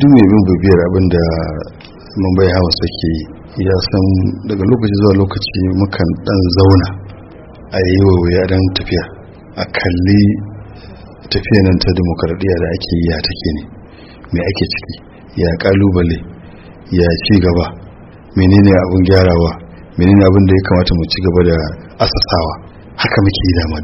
duk mai bin bibiyar abin da mumbai hawa ke ya san daga lokaci zuwa lokaci mukan dan zauna a yi wa yaren tafiya a kalli tafiya nan ta demokaradiyya da ake yi a take ne mai ake ciki ya kalubale ya ci gaba menene abin gyarawa menene abin da ya kamata mu ci gaba da asasawa haka muke yi dama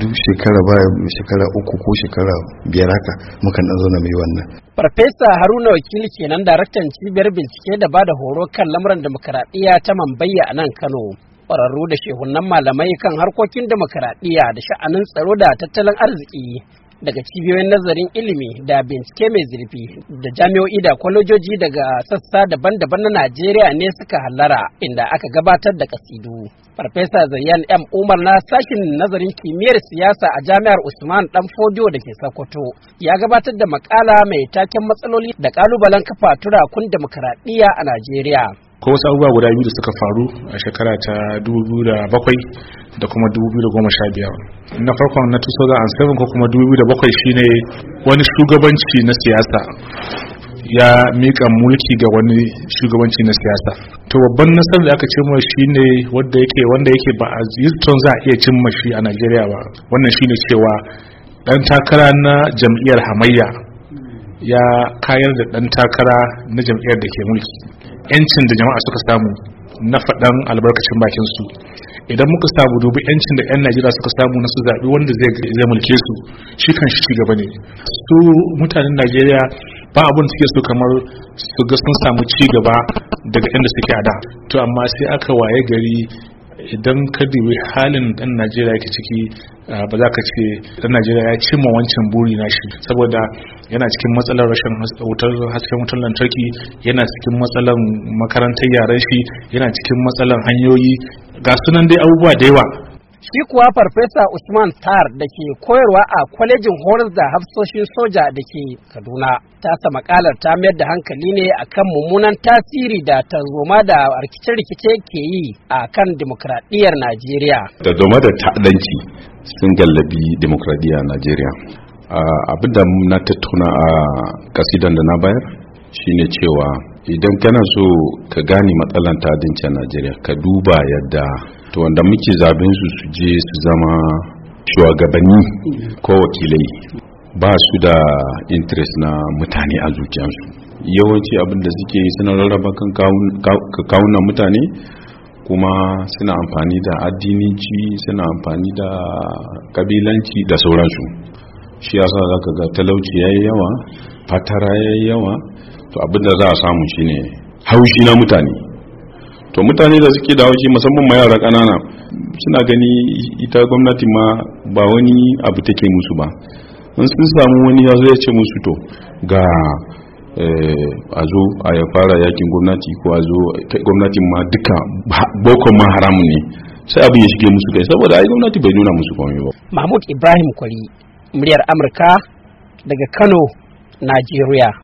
duk shekara baya shekara uku ko shekara biyar haka mukan dan zauna mai wannan Farfesa Haruna wakili kenan daraktan cibiyar bincike da ba da horo kan lamuran demokaradiyya ta Mambayya a nan Kano. Ƙwararru da shehunan malamai kan harkokin demokaradiyya da sha'anin tsaro da tattalin arziki daga cibiyoyin nazarin ilimi da bincike mai zurfi da jami'o'i da kwalejoji daga sassa daban-daban na Najeriya ne suka hallara inda aka gabatar da kasidu. Farfesa Zayyan M. Umar na sashin nazarin kimiyyar siyasa a jami'ar Usman Dan Fodio da ke Sokoto ya gabatar da makala mai taken matsaloli da kalubalen kafa turakun demokaradiyya a Najeriya. akwai wasu abubuwa guda biyu da suka faru a shekara ta 2007 da kuma 2015 na farkon na 2007 ko kuma 2007 shine wani shugabanci na siyasa ya mika mulki ga wani shugabanci na siyasa to babban nasarar da aka cimma shine wanda yake wanda yake ba a yiston za a iya cimma shi a Najeriya ba wannan shine cewa dan takara na jam'iyyar hamayya ya kayar da dan takara na jam'iyyar da ke mulki yancin da jama'a suka samu na faɗan albarkacin bakin su idan muka samu dubi yancin da 'yan najeriya suka samu na su zaɓi wanda zai mulke su shi kan shi gaba ne su mutanen najeriya ba abin suke so kamar su ga sun samu ci gaba daga inda suke a da to amma sai aka waye gari idan ka dubi halin dan najeriya yake ciki ba za ka ce dan najeriya ya cimma wancan buri na shi saboda yana cikin matsalar rashin wutar hasken wutar lantarki yana cikin matsalar makarantar yaran shi yana cikin matsalar hanyoyi ga sunan dai abubuwa da yawa Shi kuwa Farfesa Usman Tar da ke koyarwa a kwalejin horar da hafsoshin soja da ke Kaduna. Ta sa makalar ta mayar da hankali ne akan mummunan tasiri da tarzoma da rikice-rikice ke yi a kan dimokuraɗiyyar Najeriya. Tarzoma da ta'adanci sun gallabi dimokuraɗiyyar Najeriya. Abin da na tattauna a kasidan da na bayar shine cewa idan kana so ka gane matsalan ta'addanci a Najeriya ka duba yadda wanda muke zaben su su je su zama shugabanni ko wakilai ba su da interest na mutane a zuciyarsu yawanci abin da suke suna rarraba kan kawunan mutane kuma suna amfani da addinici suna amfani da kabilanci da sauransu shi yasa za ka ga talauci ya yi yawa fatara ya yi yawa to abin za a samu shine haushi na mutane to mutane da suke da haushi musamman ma yara kanana suna gani ita gwamnati ma ba wani abu take musu ba in sun samu wani ya zo ce musu to ga eh, a zo a ya fara yakin gwamnati ko a zo gwamnatin ma duka boko ma haramun ne sai abin ya shige musu kai saboda ai gwamnati bai nuna musu komai ba mahmud ibrahim kwari muryar amurka daga kano najeriya